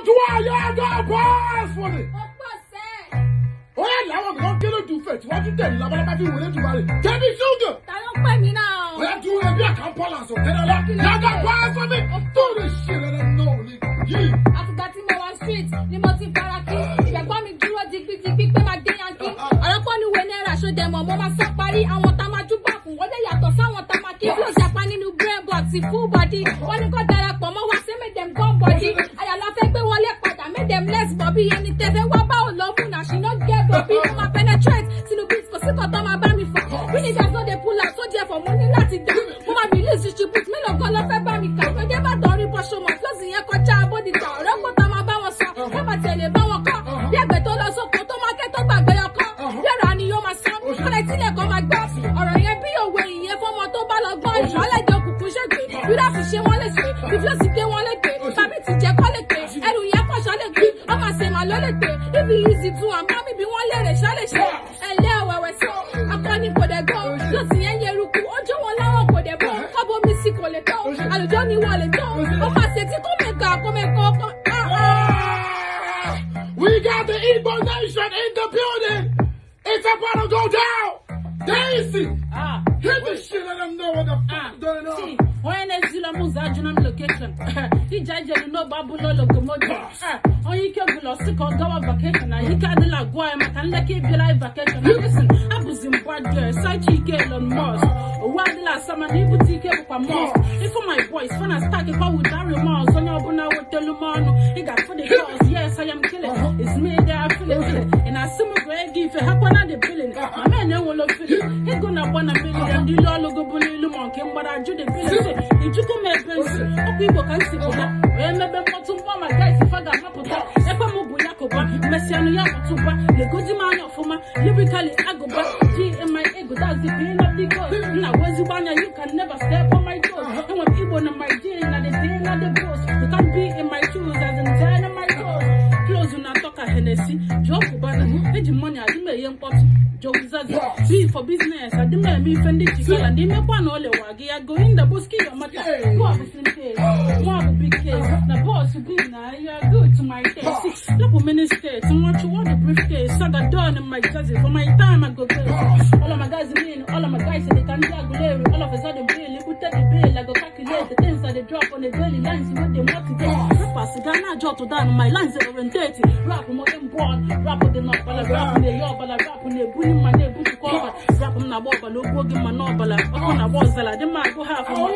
adúlá yọ adó abọ́ ẹ̀fọ́ rẹ̀. ó yà láwọn kan kéré ju fẹ̀ tíwájú tẹ̀lé labalábá tí wọlé jù wálé. jẹ́bi ṣúgà. ta ló pè mí náà. ó yà tún ẹbí àkànpọ̀ làṣọ kẹrẹ lọ. yàgò abọ́ ẹ̀fọ́ mi I lè ṣe rẹ̀ náà ni yìí. àtìgbà tí mo wá street ni mo ti fara kí ṣẹ̀gbọ́n mi dúró digbidigbi pé máa dé yankí. ọ̀rọ̀ pọ̀ ní wẹ̀ náírà ṣọ́dẹ̀mọ̀ mo máa sá parí àwọn tá máa júbà fún wọ́n lè yàtọ̀ sáwọn tá máa kí. ó ṣàpá nínú brain box full body wọ́n ní kó darapọ̀ mọ́ bí ẹni tẹ̀fẹ́ wá bá ò lọ́mú náà ṣì náà gẹ́ bọ̀bí mo máa penetrate tinubu kò sí kọ̀tà máa bá mi fọ̀ winners no dey pull out so therefore mo ní láti dá mo máa release distribute mélòó kan lọ fẹ́ bá mi kà ló jẹ́ bàtà orí bọ́ṣọ mọ̀ close yẹn kọjá abódìjà ọ̀rẹ́ kó tá máa bá wọn sọ wọ́n máa tẹ̀lé bá wọn kọ́ bí ẹgbẹ́ tó lọ sóko tó máa kẹ́ tó gbàgbé ọkọ́ yẹ̀rọ ni yóò máa sọ kọ́lẹ̀ tílẹ̀ kan máa gbọ́ ọ̀rọ̀ yẹn bí òwe ìyẹn fọ́mọ tó bá lọ gbọ́ ìṣọ́lẹ̀ ló lè pè níbi easy to wọ́n lèrè ṣálẹ̀ṣẹ̀ ẹ̀lẹ́ àwẹ̀wẹ̀ sọ akọni kò gbọ́ yóò sì yẹn yẹrùkú ojú wọn láwọn kò bọ́ kábọ̀ mi sì kò lè tán àlùjọ ni wọ́n lè tán ọkọ̀ àṣetí kò mẹ́ka kò mẹ́ka ọkọ̀. We got the Igbo nation in the building. It's about to go down. Daisy, ah. hit the shit out of them. onye na-ezila m ụzọ m lokeshọn ije ajelu n'ogbe abụla lokomotiv onye ike bụla ọsị ka ọ gawa vakeshọn na ike adịla agwụ ya maka nleka ịbịara anyị vakeshọn lesin abụzi m gbadoe sachi ike elon mos owu adịla asa mana ibute ike bụkwa mos ịfụ my boys fana stak kwa mos onye ọbụla wetelu m ọnụ ị ga-afụ m ego ife na-agba ndị ilu ọlụgo chọrọ nke mgbada ajụ dị village ijuku m ekwensu ọkwa igbo ka m si pụta wee mebe mkpọtụ mgba ma gaisi fa ga-amapụta ekwe m bụ yakụba mesịanụ ya bụtụba legozi m anya ọfụma lirikali agụba ji my ego dazi dinadigo nna gwa ezigbo anya you can never step on my toes enwe m igbo na my ji na the dinadi bros you can be in my shoes as in dynamite toes close na atọ ka henesi jụọ Mm-hmm. eji m mọnya adị m eghe mkpọtụ jọgụzazi tii for business adị m eme ife ndị jikala na imekwa na olewa gị ya goinda boski yomata bọọbụ simpe the boss, na bọọsụ gị na ahịa go to my taste lepụ many you nwachụ wọdụ briefcase saga in my jazzy for my time i go pay uh-huh. all of my guys in, all of my guys in, they can do agulere all of a sudden bill you put take the bill i go calculate the things that they drop on the daily lines You wey to motivate pasi Ghana jọ to dan my lines dey orientate rap mo dey born rap dey but I rap in dey But I rap in the ni my name, ebu nkụkọ ọbala rap m na agba ọbala ogwu oge ma na ọbala ọkụ na agba ọzala dị mma agụ ha afọ